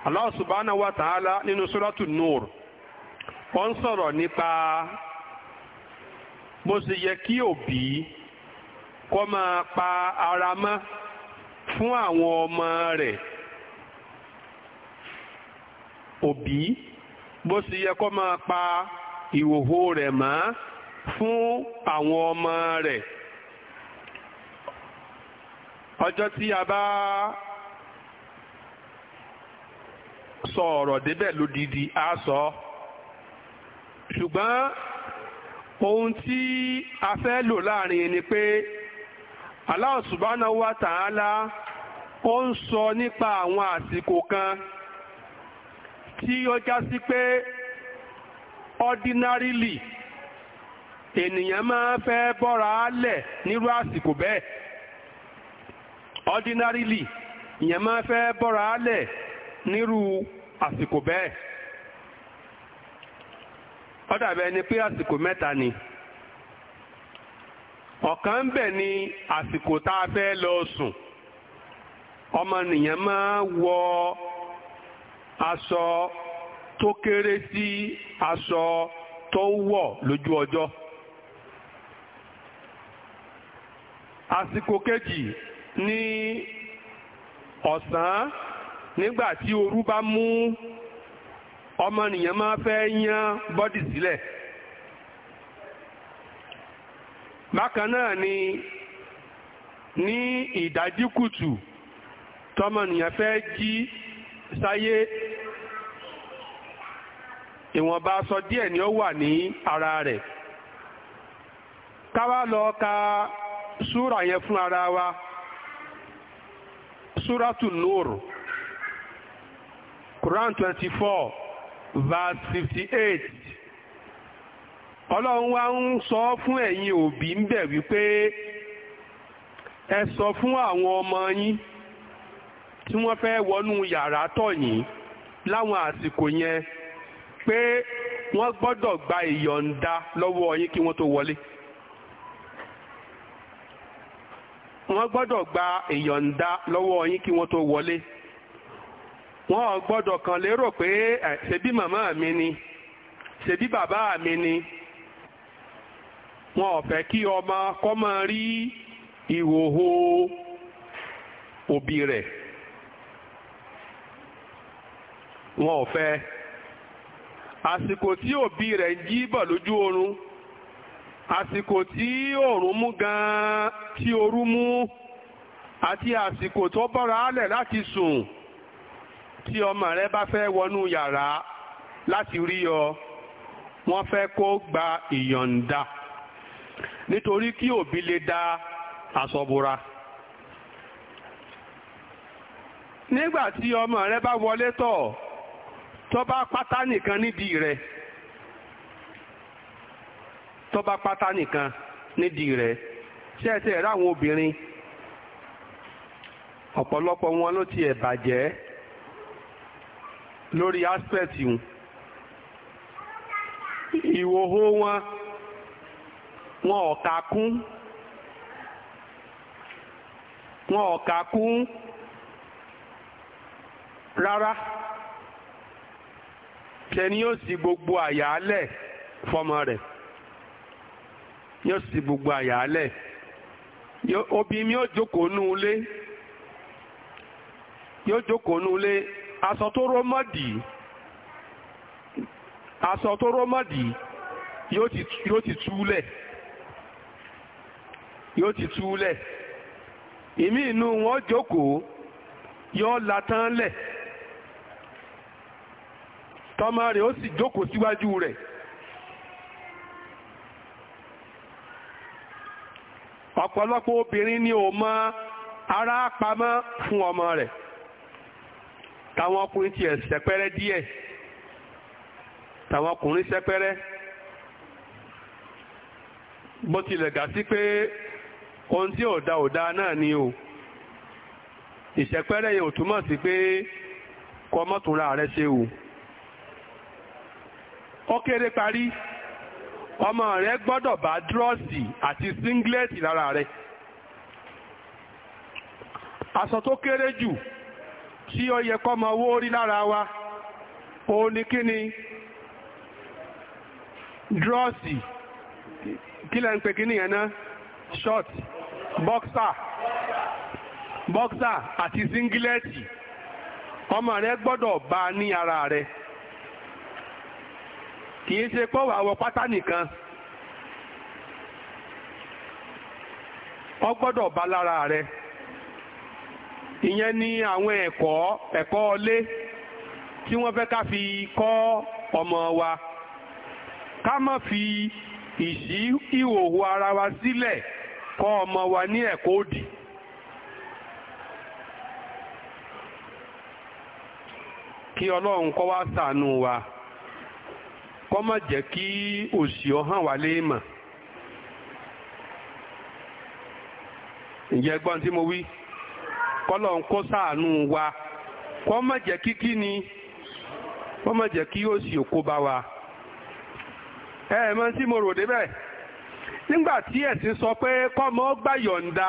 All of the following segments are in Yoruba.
Allah subhanahu wa ta'ala nínú suratu nur ó ń sọ̀rọ̀ nípa bó ṣe yẹ kí òbí kó máa pa ara mọ́ fún àwọn ọmọ rẹ̀ òbí bó ṣe yẹ kó máa pa ìhòhò rẹ̀ mọ́ fún àwọn ọmọ rẹ̀ ọjọ́ tí a bá sọ ọ̀rọ̀ débẹ̀ lódìdí a sọ ọ́ ṣùgbọ́n ohun tí a fẹ́ lò láàrin ni pé Allah subhanahu wa ta'ala ó ń sọ nípa àwọn àsìkò kan tí ó já sí pé ordinarily ènìyàn máa fẹ́ bọ́ra lẹ̀ nírú àsìkò bẹ́ẹ̀ ordinarily ènìyàn máa fẹ́ bọ́ra lẹ̀ nírú àsìkò bẹ́ẹ̀ ó dàbẹ̀ ni pé àsìkò mẹ́ta ni ọ̀kan ń bẹ̀ ni àsìkò tá a fẹ́ lọ sùn ọmọnìyàn máa wọ aṣọ tó kéré sí aṣọ tó wọ̀ lójú ọjọ́ àsìkò kejì ni ọ̀sán. Nígbàtí tí bá mú ọmọnìyàn máa fẹ́ yán bọ́dì sílẹ̀ bákan náà ni ní ìdájí tọmọnìyàn fẹ́ jí sáyé ìwọ̀nba aṣọ díẹ̀ ni ó wà ní ara rẹ̀ káwá lọ ka súra yẹn fún ara wa súratù nùrù. Quran 24 verse fifty ọlọ́run wa ń sọ fún ẹ̀yin òbí ń bẹ̀ wípé ẹ sọ fún àwọn ọmọ yín tí wọ́n fẹ́ wọnú yàrá tọ̀ láwọn àsìkò yẹn pé wọ́n gbọ́dọ̀ gba ìyọ̀ǹda lọ́wọ́ yín kí wọ́n lọ́wọ́ yín kí wọ́n tó wọlé. wọn gbọ́dọ̀ kàn lérò pé bí màmá mi ni bí bàbá mi ni wọn ò fẹ́ kí ọmọ kọ́ máa rí ìhòhò òbí rẹ̀ wọn ò fẹ́ àsìkò tí òbí rẹ̀ jí bọ̀ lójú oorun àsìkò tí oorun mú gan-an tí ooru mú àti àsìkò tó bọ́ra álẹ̀ láti sùn. tí ọmọ rẹ bá fẹ́ wọnú yàrá láti rí ọ wọ́n fẹ́ kó gba ìyọ̀ǹda nítorí kí òbí lè da àsọ̀bùra. nígbà tí ọmọ rẹ bá wọlé tọ̀ tó bá pátá nìkan nídìí rẹ̀ tó bá pátá nìkan nídìí rẹ̀ ṣé ẹ ti obìnrin ọ̀pọ̀lọpọ̀ wọn ló ti bàjẹ́ lórí aspect wọn ìwòho wọn wọn ọ̀ka kún wọn ọ̀ka kún rárá tẹni yóò sì gbogbo àyàálẹ̀ fọmọ rẹ̀ yóò sì gbogbo àyàálẹ̀ obìnrin yóò jókòó nù ulé yóò jókòó nù ulé aṣọ tó ró mọ́dì yóò ti yóò ti túlẹ̀ yóò ti túlẹ̀ ìmí inú wọn jókòó yóò la tán lẹ̀ tọ́mọ rẹ̀ ó sì jókòó síwájú rẹ̀ ọ̀pọ̀lọpọ̀ obìnrin ni ò mọ ara pamọ́ fún ọmọ rẹ̀. táwọn ọkùnrin tiẹ̀ sẹ́pẹ́rẹ́ díẹ̀ táwọn ọkùnrin sẹ́pẹ́rẹ́ bó tilẹ̀ gà sí pé ohun tí ọ̀dà ọ̀dà náà ni o ìṣẹ̀pẹ́rẹ́ yẹn ò túmọ̀ sí pé kọ mọ́tòra rẹ ṣe o ó kéré parí ọmọ rẹ gbọ́dọ̀ bá dírọ́ọ̀sì àti síngílẹ̀tì lára rẹ aṣọ tó kéré jù tí ó yẹ kọ́ mọ owó rí lára wa òun ni kí ni drọ́ọ̀sì kí lẹ́ ń pè kí nìyẹn náà short boxer boxer àti singlet ọmọ rẹ gbọ́dọ̀ bá ní ara rẹ kì í ṣe pọ́ wàá wọ pátá nìkan ọ gbọ́dọ̀ bá lára rẹ. ìyẹn ni àwọn ẹ̀kọ́ ẹ̀kọ́ ọlé tí wọ́n fẹ́ ká fi kọ́ ọmọ wa ká mọ́ fi ìṣí ìhòòhò ara wa sílẹ̀ kọ́ ọmọ wa ní ẹ̀kọ́ òdì. kí ọlọ́run kọ́ wá ṣàánú wa kọ́ mọ́ jẹ́ kí òṣì ọ̀hán wa lè mọ̀ ǹjẹ́ gbọ́n tí mo wí. kọlọ ń kó sàánú wa k'ọ má jẹ́ kí kí ni kọ́ má jẹ́ kí òṣì ó kó bá wa. ẹ ẹ mọ sí mo rò débẹ̀ nígbà tí ẹ̀sìn sọ pé kọ́mọ gbà yọ̀ǹda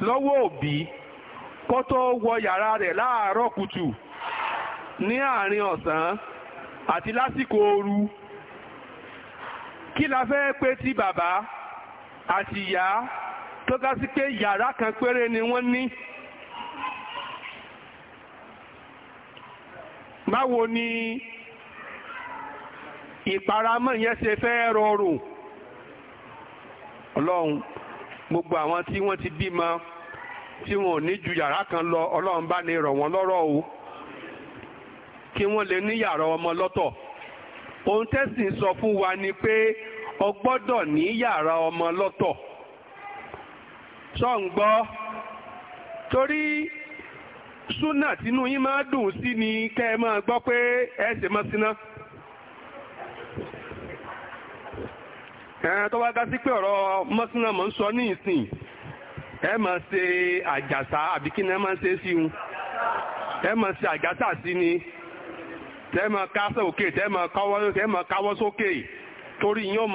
lọ́wọ́ òbí kó tó wọ yàrá rẹ̀ láàárọ̀ kùtù ní àárín ọ̀sán àti lásìkò ooru kí la fẹ́ pé ti bàbá àti ìyá tó ká sí pé yàrá kan péré ni wọ́n ní. báwo ni ìparamọ́ yẹn ṣe fẹ́ rọrùn ọlọ́run gbogbo àwọn tí wọ́n ti bímọ tí wọn ò ní ju yàrá kan lọ ọlọ́run bá ní rọ̀ wọ́n lọ́rọ̀ o kí wọ́n lè ní yàrá ọmọ lọ́tọ̀ ohun tẹ́sìn sọ fún wa ni pé o ní yàrá ọmọ lọ́tọ̀ sọ̀ ń gbọ́ torí súnà tínú yín máa dùn sí ni kẹ́ ẹ máa gbọ́ pé se máa síná. ẹ̀ẹ́n tó bá dá sí pé ọ̀rọ̀ mọ́síná mọ́ ń sọ ní ìsìn ẹ máa ṣe àjàsá àbí kí ni ẹ máa ṣe sí un ẹ máa ṣe àjàsá ni tẹ́ máa òkè tẹ́ máa káwọ́ sókè torí yín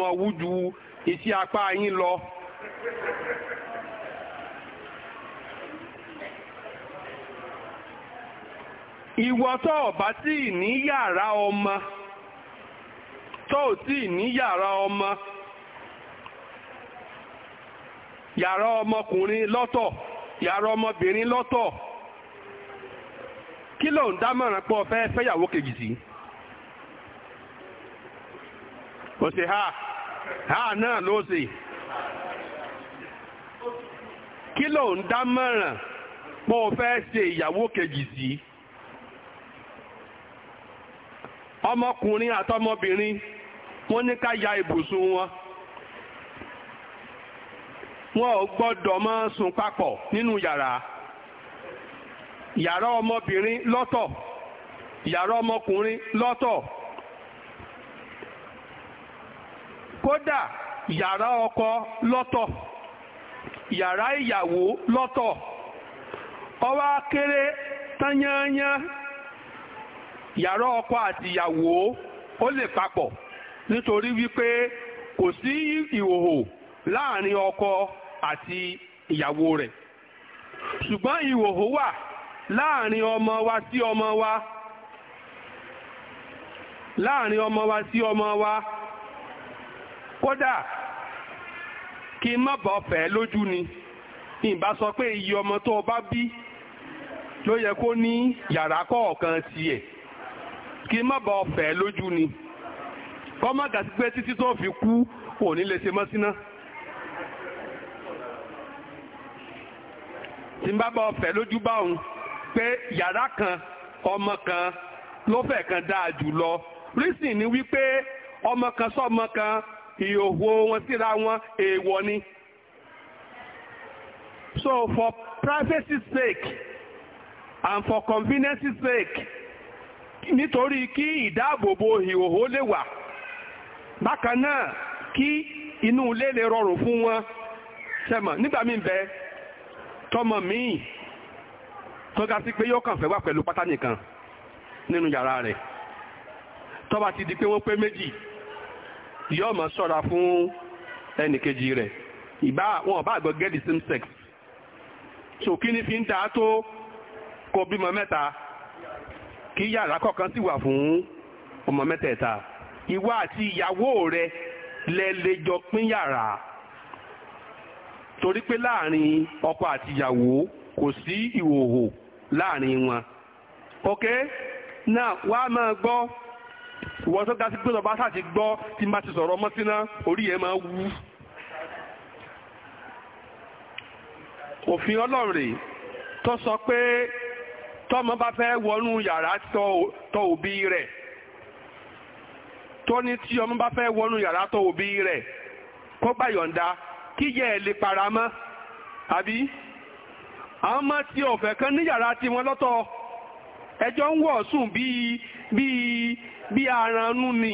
ìwọ tó o bá tí ní yàrá ọmọ tó o tí ní yàrá ọmọ yàrá ọmọkùnrin lọ́tọ̀ yàrá ọmọbìnrin lọ́tọ̀ kí ló ń dámọ̀ràn pọ̀ pọ̀ fẹ́ ṣe ìyàwó kejì ọmọkùnrin àtọmọbìnrin wọ́n ní ká ya ibùsùn wọn wọn ò gbọdọ máa sùn papọ nínú yàrá yàrá ọmọbìnrin lọ́tọ̀ yàrá ọmọkùnrin lọ́tọ̀ kódà yàrá ọkọ lọ́tọ̀ yàrá ìyàwó lọ́tọ̀ ọwọ́ akéré tányányán yàrá ọkọ àti ìyàwó ó lè papọ̀ nítorí wípé kò sí ìhòhò láàrin ọkọ àti ìyàwó rẹ̀ ṣùgbọ́n ìhòhò wà láàrin ọmọ wa sí ọmọ wa láàrin ọmọ wa sí ọmọ wa kódà kí n má bà ọ fẹ́ lójú ni ìbá sọ pé iye ọmọ tó o bá bí ló yẹ kó ní yàrá kọ̀ọ̀kan tiẹ̀. kí má bàa ọ̀fẹ́ lójú ni kọ́ má gàtí pé títí tó fi kú kò ní lè ṣe mọ́ síná. tí n bá bàa ọ̀fẹ́ lójú báwọn pé yàrá kan ọmọ kan ló fẹ́ kan dáa jù lọ rísìn ni wípé ọmọ kan sọ́mọ kan ìhòòhò wọn síra wọn èèwọ̀ ni. So for privacy sake and for convenience sake nítorí kí ìdáàbòbò ìhòhò lè wà bákan náà kí inú ilé lè rọrùn fún wọn sẹ́mọ̀ nígbà míì bẹ tọmọ míì tó ga sí pé yóò kàn fẹ́ wà pẹ̀lú pátá nìkan nínú yàrá rẹ̀ tó bá ti di pé wọ́n pé méjì yóò máa ṣọ́ra fún ẹnìkejì rẹ̀ ìbá wọn ọba àgbọ̀ get same sex so kí ni fi ń ta tó kó bímọ mẹ́ta kí yàrá kọ̀ọ̀kan sì wà fún ọmọ mẹ́tẹ̀ẹ̀ta ìwọ àti ìyàwó rẹ lẹ́lẹ́jọ pín yàrá torí pé láàrin ọkọ àti ìyàwó kò sí ìhòòhò láàrin wọn ok náà wàá máa gbọ́ ìwọ tó dá sí pé ọba sáà ti gbọ́ tí n ti sọ̀rọ̀ ọmọ síná orí yẹn máa wú. òfin ọlọ́run tó sọ pé tọ́mọ bá fẹ́ wọnú yàrá tọ òbí rẹ̀ tó ní tí ọmọ bá fẹ́ wọnú yàrá tọ òbí rẹ̀ kó gbà yọ̀ǹda yẹ ẹ̀ lè para mọ́ àbí àwọn ọmọ tí ọ̀fẹ́ kan ní yàrá tí wọ́n lọ́tọ̀ ẹjọ́ ń wọ̀ sùn bíi bíi bíi aranú ni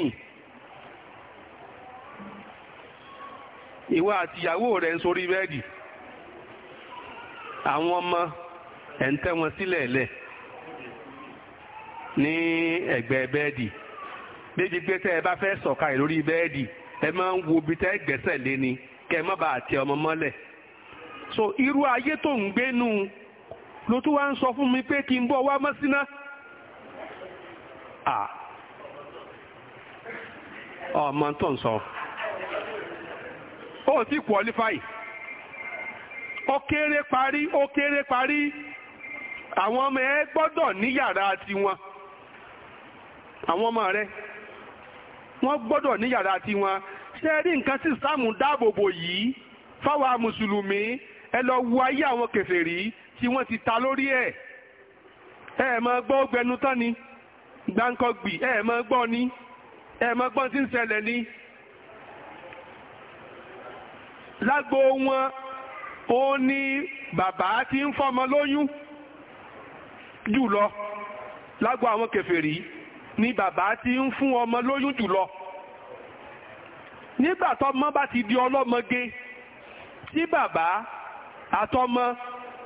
ìwọ àti rẹ̀ ń sorí bẹ́ẹ̀dì àwọn ọmọ ẹ̀ ń tẹ́ wọn sílẹ̀ lẹ̀. ní ẹ̀gbẹ́ bẹ́ẹ̀dì débi pé eba ẹ bá ka sọ̀kalẹ̀ lórí bẹ́ẹ̀dì ẹ máa ń wo ibi tẹ́ gbẹ́sẹ̀ lé ni kẹ́ ẹ má bàa tẹ ọmọ mọ́lẹ̀ so irú ayé tó ń nu ló tún wá ń sọ fún mi pé kí n bọ̀ wá mọ́síná ọmọ tó ń sọ ó ti qualify ó kéré parí ó kéré parí àwọn ọmọ ẹ gbọ́dọ̀ ní yàrá tiwọn. àwọn ọmọ rẹ wọ́n gbọ́dọ̀ ní yàrá tiwọn ṣé ẹ rí nǹkan tí ìsìláàmù dáàbòbò yìí fáwa mùsùlùmí ẹ lọ wo ayé àwọn kèfèrí tí wọ́n ti ta lórí ẹ̀ ẹ mọ gbọ́ gbẹnu tán ni gbáǹkọ́gbì ẹ mọ gbọ́ ni ẹ mọ gbọ́ tí ń ṣẹlẹ̀ ni lágbo wọn ó ní bàbá tí ń fọ́mọ lóyún jùlọ lágbo àwọn kèfèrí ni bàbá ti ń fún ọmọ lóyún jùlọ nígbà tọmọ bá ti di ọlọ́mọge tí bàbá àtọmọ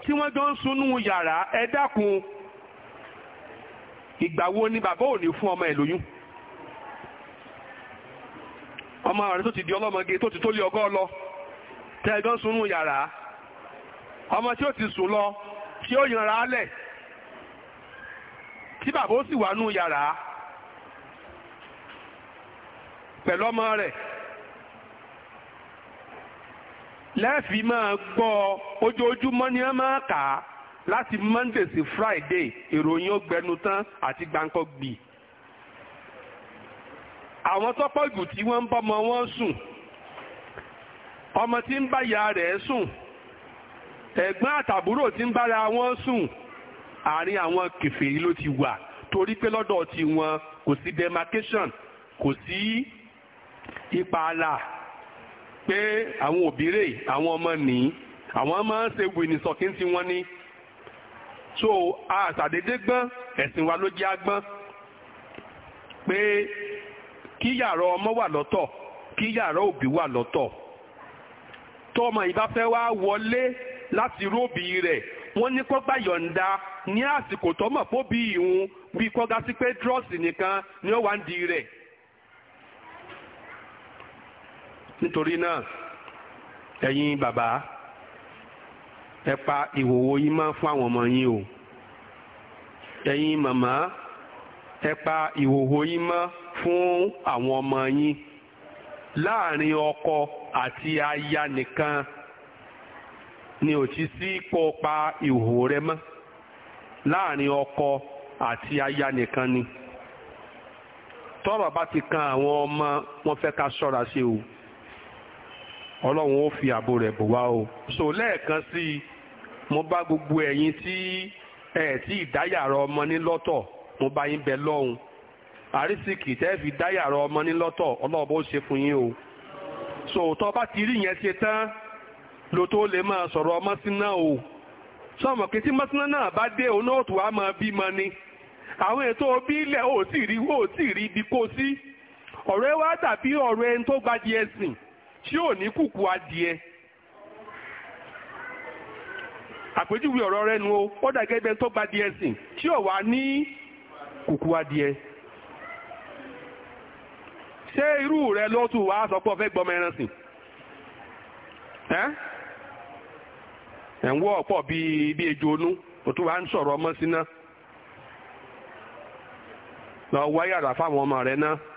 tí wọ́n jọ ń sunú yàrá ẹ dákun ìgbà wo ni bàbá ò ní fún ọmọ ẹ lóyún ọmọ rẹ tó ti di ọlọ́mọge tó ti tó lé ọgọ́ lọ tẹ ẹ jọ ń sunú yàrá ọmọ tí ó ti sùn lọ tí ó yanra lẹ̀ tí bàbá ó sì wà nú yàrá pẹ̀lú ọmọ rẹ̀ lẹ́ẹ̀fì máa gbọ́ ojoojúmọ́ ni wọ́n máa kà á láti Monday sí Friday ìròyìn ó gbẹnu tán àti gbàǹkọ́ gbì àwọn tọ́pọ̀ ìgù tí wọ́n ń bọ́mọ wọn sùn ọmọ tí ń bá ìyá rẹ̀ sùn ẹ̀gbọ́n àtàbúrò tí ń bára wọn sùn àárín àwọn kèfèrí ló ti wà torí pé lọ́dọ̀ tiwọn kò sí demarcation kò sí Ipaala pé àwọn òbírè àwọn ọmọ nìí àwọn máa ń ṣe wìnìsọ̀kí tí wọ́n ní so àṣàdédé gbọ́n ẹ̀sìn wa ló jẹ́ agbọ́n pé kí yàrá ọmọ wà lọ́tọ̀ kí yàrá òbí wà lọ́tọ̀ tó ọmọ ìbá fẹ́ wá wọlé láti róbì rẹ̀ wọ́n ní kó gbà ní àsìkò tọ́mọ̀ fóbi ìhun bí kọ́gá sí pé dírọ́ọ̀sì nìkan ni ó wá ń di rẹ̀. nítorí náà ẹ̀yin bàbá ẹ pa ìwòwò yín máa fún àwọn ọmọ yín o ẹ̀yin màmá ẹ pa ìhòhò yín mọ́ fún àwọn ọmọ yín láàrin ọkọ àti aya nìkan ni ò ti sí kó pa ìhòhò rẹ mọ́ láàrin ọkọ àti aya nìkan ni tọ́rọ̀ bá ti kan àwọn ọmọ wọn fẹ́ ká ṣọ́ra ṣe o. ọlọ́run ó fi àbò rẹ̀ bò wá o Sọ lẹ́ẹ̀kan sí i mo bá gbogbo ẹ̀yin tí ẹ̀ tí ìdáyàrá ọmọ ní lọ́tọ̀ mo bá yín bẹ lọ́hùn àrísìkì tẹ́ fi dáyàrá ọmọ ní lọ́tọ̀ ọlọ́ọ̀bọ ó ṣe fún yín o Sọ tọ́ bá ti rí yẹn ṣe tán lo tó lè máa sọ̀rọ̀ ọmọ síná o sọmọ kí tí mọ́síná náà bá dé òun náà tó wá máa bímọ ni àwọn ètò òbí ilẹ̀ ò tí ì rí ibi kó sí ọ̀rọ̀ ẹ wá dàbí ọ̀rọ̀ ẹni tó gbadìẹ sìn tí ò ní kùkù adìẹ àpèjúwe ọ̀rọ̀ rẹ nu o ó dàgẹ́ ibẹ̀ tó gba díẹ̀ sìn tí ò wá ní kùkù adìẹ ṣé irú rẹ ló tù wá sọ pé ọ̀fẹ́ gbọmọ ẹran sìn ẹ́ ẹ̀ ń wọ́ ọ̀pọ̀ bíi bíi ejò onú òtún wá ń sọ̀rọ̀ ọmọ síná lọ wá yàrá ọmọ rẹ náà.